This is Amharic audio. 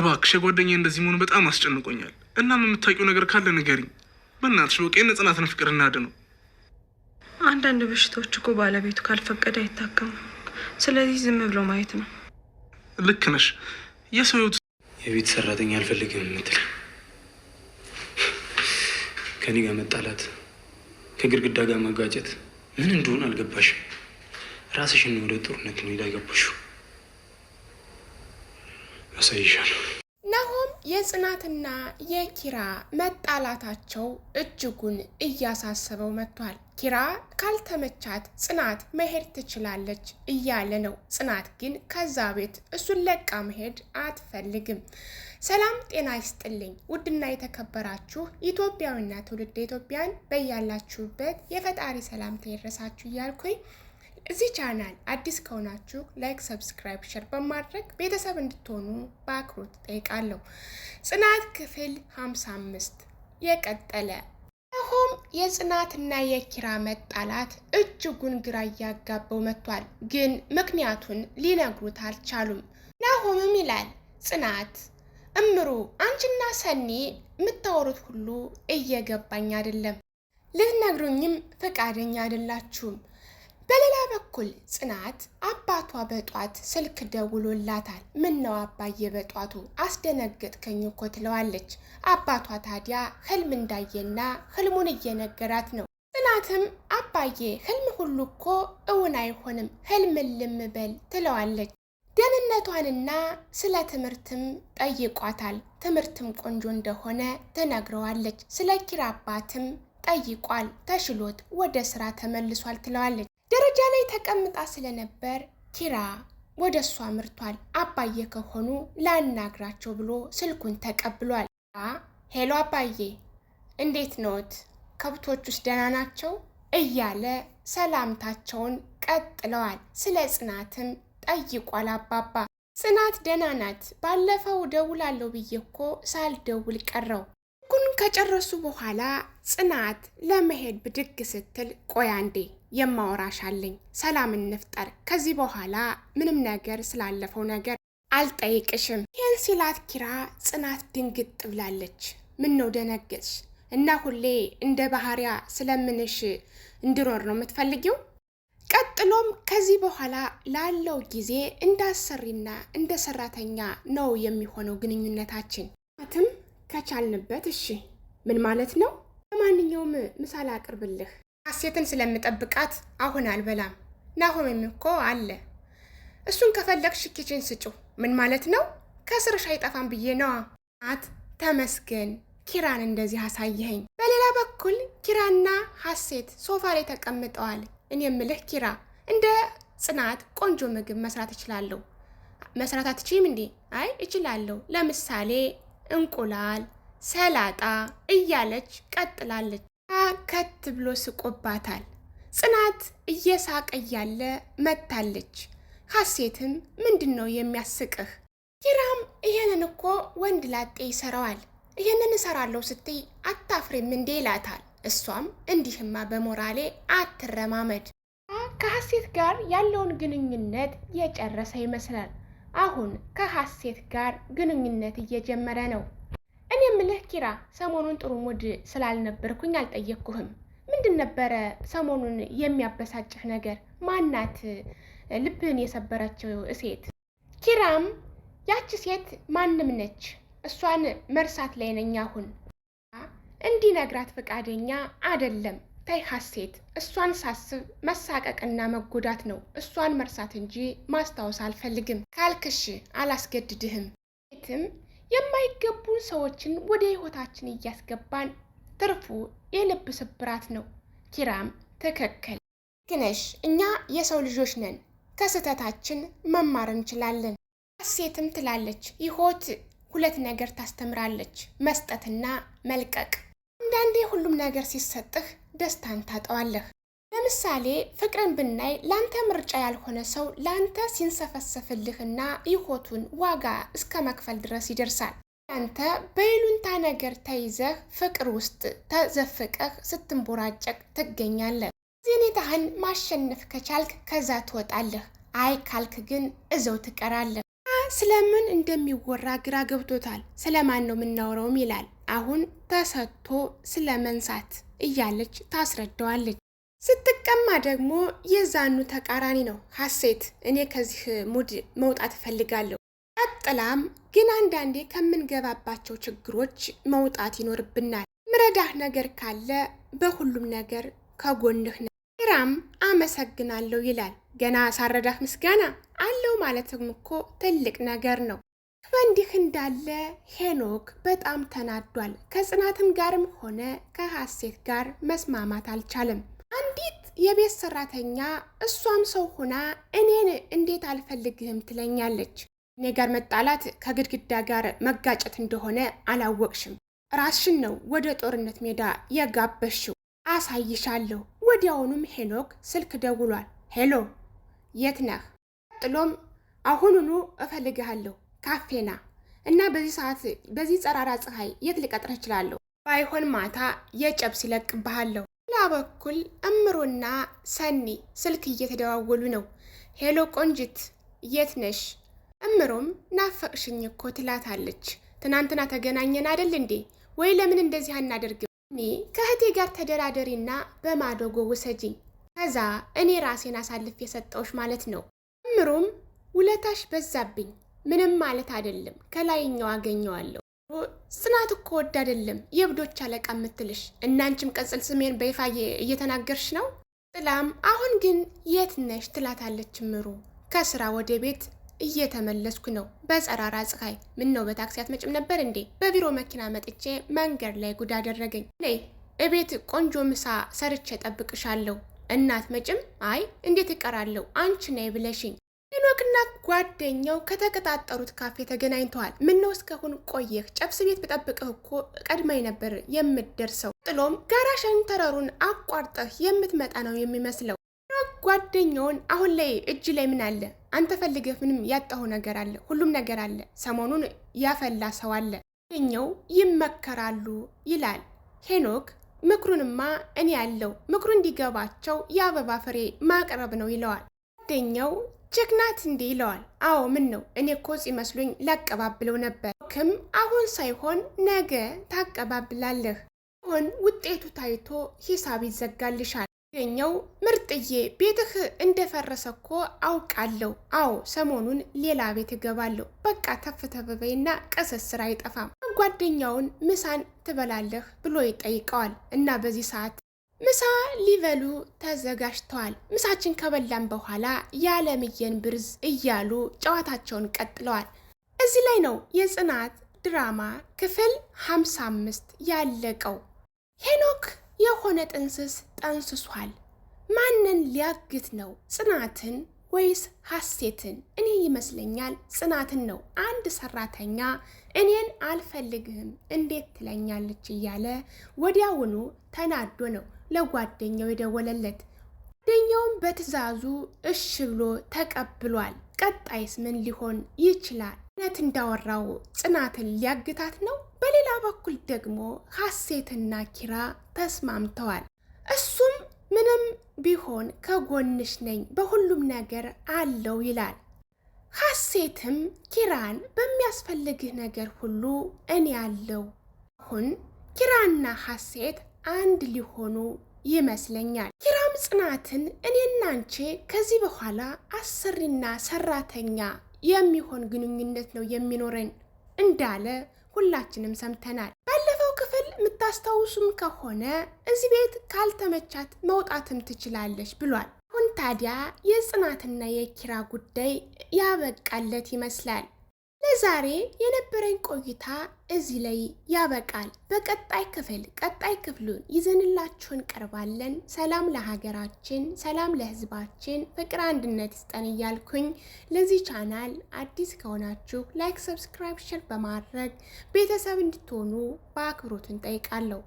እባክሽ ጓደኛ እንደዚህ መሆኑ በጣም አስጨንቆኛል። እናም የምታውቂው ነገር ካለ ንገሪኝ። በእናትሽ በቃ የነጽናትን ፍቅር እናድነው። አንዳንድ በሽታዎች እኮ ባለቤቱ ካልፈቀደ አይታከሙ። ስለዚህ ዝም ብሎ ማየት ነው። ልክ ነሽ። የሰው የቤት ሰራተኛ አልፈልግም የምትል ከኔ ጋር መጣላት፣ ከግድግዳ ጋር መጋጨት ምን እንደሆነ አልገባሽም። ራስሽን ወደ ጦርነት ነው ገባሽው። አሳይሻለሁ የጽናትና የኪራ መጣላታቸው እጅጉን እያሳሰበው መጥቷል። ኪራ ካልተመቻት ጽናት መሄድ ትችላለች እያለ ነው። ጽናት ግን ከዛ ቤት እሱን ለቃ መሄድ አትፈልግም። ሰላም ጤና ይስጥልኝ። ውድና የተከበራችሁ ኢትዮጵያዊና ትውልድ ኢትዮጵያን በያላችሁበት የፈጣሪ ሰላምታ ይድረሳችሁ እያልኩኝ እዚህ ቻናል አዲስ ከሆናችሁ ላይክ፣ ሰብስክራይብ፣ ሸር በማድረግ ቤተሰብ እንድትሆኑ በአክብሮት ጠይቃለሁ። ጽናት ክፍል 55 የቀጠለ ሆም የጽናትና የኪራ መጣላት እጅጉን ግራ እያጋባው መጥቷል። ግን ምክንያቱን ሊነግሩት አልቻሉም። ናሆምም ይላል ጽናት እምሩ አንቺና ሰኒ የምታወሩት ሁሉ እየገባኝ አይደለም፣ ልትነግሩኝም ፈቃደኛ አይደላችሁም በኩል ጽናት አባቷ በጧት ስልክ ደውሎላታል። ምን ነው አባዬ በጧቱ አስደነገጥከኝ እኮ ትለዋለች። አባቷ ታዲያ ህልም እንዳየና ህልሙን እየነገራት ነው። ጽናትም አባዬ ህልም ሁሉ እኮ እውን አይሆንም ህልምን ልምበል ትለዋለች። ደህንነቷንና ስለ ትምህርትም ጠይቋታል። ትምህርትም ቆንጆ እንደሆነ ትነግረዋለች። ስለ ኪራ አባትም ጠይቋል። ተሽሎት ወደ ስራ ተመልሷል ትለዋለች። ደረጃ ላይ ተቀምጣ ስለነበር ኪራ ወደ እሷ አምርቷል። አባዬ ከሆኑ ላናግራቸው ብሎ ስልኩን ተቀብሏል። ሄሎ አባዬ፣ እንዴት ነዎት? ከብቶች ውስጥ ደህና ናቸው? እያለ ሰላምታቸውን ቀጥለዋል። ስለ ጽናትም ጠይቋል አባባ። ጽናት ደህና ናት፣ ባለፈው ደውላለሁ ብዬ እኮ ሳልደውል ቀረው። ስልኩን ከጨረሱ በኋላ ጽናት ለመሄድ ብድግ ስትል ቆያ እንዴ አለኝ ሰላም እንፍጠር። ከዚህ በኋላ ምንም ነገር ስላለፈው ነገር አልጠይቅሽም። ይህን ሲላት ኪራ ጽናት ድንግጥ ብላለች። ምን ነው ደነገጥሽ? እና ሁሌ እንደ ባህሪያ ስለምንሽ እንድኖር ነው የምትፈልጊው? ቀጥሎም ከዚህ በኋላ ላለው ጊዜ እንደ አሰሪና እንደ ሰራተኛ ነው የሚሆነው ግንኙነታችን። ትም ከቻልንበት እሺ። ምን ማለት ነው? ለማንኛውም ምሳሌ አቅርብልህ ሀሴትን ስለምጠብቃት አሁን አልበላም። ናሆምም እኮ አለ። እሱን ከፈለግሽ ኪችን ስጩ። ምን ማለት ነው? ከስርሽ አይጠፋም ብዬ ነዋ። አት ተመስገን ኪራን እንደዚህ አሳየኸኝ። በሌላ በኩል ኪራና ሀሴት ሶፋ ላይ ተቀምጠዋል። እኔ የምልህ ኪራ፣ እንደ ጽናት ቆንጆ ምግብ መስራት እችላለሁ። መስራት አትችይም እንዴ? አይ እችላለሁ። ለምሳሌ እንቁላል ሰላጣ እያለች ቀጥላለች። አከት ብሎ ስቆባታል። ጽናት እየሳቀ እያለ መታለች። ሀሴትም ምንድን ነው የሚያስቅህ? ኪራም ይህንን እኮ ወንድ ላጤ ይሰራዋል፣ ይህንን እሰራለሁ ስትይ አታፍሬም እንዴ ይላታል። እሷም እንዲህማ በሞራሌ አትረማመድ። ከሀሴት ጋር ያለውን ግንኙነት የጨረሰ ይመስላል። አሁን ከሀሴት ጋር ግንኙነት እየጀመረ ነው። ኪራ ሰሞኑን ጥሩ ሙድ ስላልነበርኩኝ አልጠየቅኩህም። ምንድን ነበረ ሰሞኑን የሚያበሳጭህ ነገር? ማናት ልብህን የሰበረችው ሴት? ኪራም ያቺ ሴት ማንም ነች፣ እሷን መርሳት ላይ ነኝ አሁን። እንዲነግራት ፈቃደኛ አደለም። ተይ ሐሴት፣ እሷን ሳስብ መሳቀቅና መጎዳት ነው። እሷን መርሳት እንጂ ማስታወስ አልፈልግም ካልክሽ አላስገድድህም። ትም የማይገቡን ሰዎችን ወደ ህይወታችን እያስገባን ትርፉ የልብ ስብራት ነው። ኪራም ትክክል ግነሽ። እኛ የሰው ልጆች ነን፣ ከስህተታችን መማር እንችላለን። አሴትም ትላለች ይሆት ሁለት ነገር ታስተምራለች፣ መስጠትና መልቀቅ። አንዳንዴ ሁሉም ነገር ሲሰጥህ ደስታን ታጠዋለህ። ለምሳሌ ፍቅርን ብናይ ላንተ ምርጫ ያልሆነ ሰው ላንተ ሲንሰፈሰፍልህና ይሆቱን ዋጋ እስከ መክፈል ድረስ ይደርሳል። አንተ በይሉንታ ነገር ተይዘህ ፍቅር ውስጥ ተዘፍቀህ ስትንቦራጨቅ ትገኛለህ። ዜኔታህን ማሸነፍ ከቻልክ ከዛ ትወጣለህ። አይ ካልክ ግን እዘው ትቀራለህ። ስለምን እንደሚወራ ግራ ገብቶታል። ስለማን ነው የምናወረውም ይላል። አሁን ተሰጥቶ ስለ መንሳት እያለች ታስረዳዋለች። ስትቀማ ደግሞ የዛኑ ተቃራኒ ነው ሀሴት። እኔ ከዚህ ሙድ መውጣት እፈልጋለሁ። ቀጥላም ግን አንዳንዴ ከምንገባባቸው ችግሮች መውጣት ይኖርብናል። ምረዳህ ነገር ካለ በሁሉም ነገር ከጎንህ ነ ኪራም አመሰግናለሁ ይላል። ገና ሳረዳህ ምስጋና አለው ማለትም እኮ ትልቅ ነገር ነው። በእንዲህ እንዳለ ሄኖክ በጣም ተናዷል። ከጽናትም ጋርም ሆነ ከሀሴት ጋር መስማማት አልቻለም። አንዲት የቤት ሰራተኛ እሷም ሰው ሆና እኔን እንዴት አልፈልግህም ትለኛለች። እኔ ጋር መጣላት ከግድግዳ ጋር መጋጨት እንደሆነ አላወቅሽም። ራስሽን ነው ወደ ጦርነት ሜዳ የጋበሽው። አሳይሻለሁ። ወዲያውኑም ሄኖክ ስልክ ደውሏል። ሄሎ፣ የት ነህ? ቀጥሎም አሁኑኑ እፈልግሃለሁ፣ ካፌና እና በዚህ ሰዓት በዚህ ጸራራ ፀሐይ የት ልቀጥር እችላለሁ? ባይሆን ማታ የጨብስ ይለቅብሃለሁ። በኩል እምሩና ሰኒ ስልክ እየተደዋወሉ ነው። ሄሎ ቆንጅት የት ነሽ? እምሩም ናፈቅሽኝ እኮ ትላታለች። ትናንትና ተገናኘን አደል እንዴ? ወይ ለምን እንደዚህ አናደርግም? እኔ ከእህቴ ጋር ተደራደሪና በማዶጎ ውሰጂኝ፣ ከዛ እኔ ራሴን አሳልፍ የሰጠውሽ ማለት ነው። እምሩም ውለታሽ በዛብኝ፣ ምንም ማለት አደለም፣ ከላይኛው አገኘዋለሁ ጽናት እኮ ወድ አይደለም የእብዶች አለቃ የምትልሽ እናንችም ቀጽል ስሜን በይፋ እየተናገርሽ ነው። ጥላም አሁን ግን የት ነሽ ትላታለች። ምሩ ከስራ ወደ ቤት እየተመለስኩ ነው በጸራራ ፀሐይ። ምን ነው በታክሲ አትመጭም ነበር እንዴ? በቢሮ መኪና መጥቼ መንገድ ላይ ጉድ አደረገኝ። ነይ እቤት ቆንጆ ምሳ ሰርቼ ጠብቅሻለሁ። እናት መጭም አይ እንዴት እቀራለሁ አንቺ ነይ ብለሽኝ ሄኖክና ጓደኛው ከተቀጣጠሩት ካፌ ተገናኝተዋል። ምነው እስካሁን ቆየህ? ጨብስ ቤት ብጠብቅህ እኮ ቀድማኝ ነበር የምትደርሰው። ጥሎም ጋራ ሸንተረሩን አቋርጠህ የምትመጣ ነው የሚመስለው። ሄኖክ ጓደኛውን አሁን ላይ እጅ ላይ ምን አለ? አንተ ፈልገህ ምንም ያጣሁ ነገር አለ? ሁሉም ነገር አለ። ሰሞኑን ያፈላ ሰው አለ። ኛው ይመከራሉ ይላል ሄኖክ። ምክሩንማ እኔ ያለው ምክሩ እንዲገባቸው የአበባ ፍሬ ማቅረብ ነው ይለዋል ጓደኛው ጀግናት እንዴ ይለዋል። አዎ ምን ነው እኔ እኮ መስሎኝ ላቀባብለው ነበር። ክም አሁን ሳይሆን ነገ ታቀባብላለህ። አሁን ውጤቱ ታይቶ ሂሳብ ይዘጋልሻል። ገኘው ምርጥዬ፣ ቤትህ እንደፈረሰ እኮ አውቃለሁ። አዎ ሰሞኑን ሌላ ቤት እገባለሁ። በቃ ተፍ ተበበይና ቀሰስር አይጠፋም። ጓደኛውን ምሳን ትበላለህ ብሎ ይጠይቀዋል። እና በዚህ ሰዓት ምሳ ሊበሉ ተዘጋጅተዋል። ምሳችን ከበላን በኋላ የዓለምዬን ብርዝ እያሉ ጨዋታቸውን ቀጥለዋል። እዚህ ላይ ነው የጽናት ድራማ ክፍል 55 ያለቀው። ሄኖክ የሆነ ጥንስስ ጠንስሷል። ማንን ሊያግት ነው? ጽናትን ወይስ ሀሴትን? እኔ ይመስለኛል ጽናትን ነው። አንድ ሰራተኛ እኔን አልፈልግህም እንዴት ትለኛለች እያለ ወዲያውኑ ተናዶ ነው ለጓደኛው የደወለለት። ጓደኛውም በትዕዛዙ እሽ ብሎ ተቀብሏል። ቀጣይስ ምን ሊሆን ይችላል? እውነት እንዳወራው ጽናትን ሊያግታት ነው? በሌላ በኩል ደግሞ ሀሴትና ኪራ ተስማምተዋል። እሱም ምንም ቢሆን ከጎንሽ ነኝ፣ በሁሉም ነገር አለው ይላል። ሀሴትም ኪራን በሚያስፈልግህ ነገር ሁሉ እኔ አለው። አሁን ኪራና ሀሴት አንድ ሊሆኑ ይመስለኛል። ኪራም ጽናትን እኔና አንቺ ከዚህ በኋላ አሰሪና ሰራተኛ የሚሆን ግንኙነት ነው የሚኖረን እንዳለ ሁላችንም ሰምተናል። ባለፈው ክፍል የምታስታውሱም ከሆነ እዚህ ቤት ካልተመቻት መውጣትም ትችላለች ብሏል። አሁን ታዲያ የጽናትና የኪራ ጉዳይ ያበቃለት ይመስላል። ለዛሬ የነበረኝ ቆይታ እዚህ ላይ ያበቃል። በቀጣይ ክፍል ቀጣይ ክፍሉን ይዘንላችሁ እንቀርባለን። ሰላም ለሀገራችን፣ ሰላም ለሕዝባችን፣ ፍቅር አንድነት ይስጠን እያልኩኝ ለዚህ ቻናል አዲስ ከሆናችሁ ላይክ፣ ሰብስክራይብ፣ ሸር በማድረግ ቤተሰብ እንድትሆኑ በአክብሮት እንጠይቃለሁ።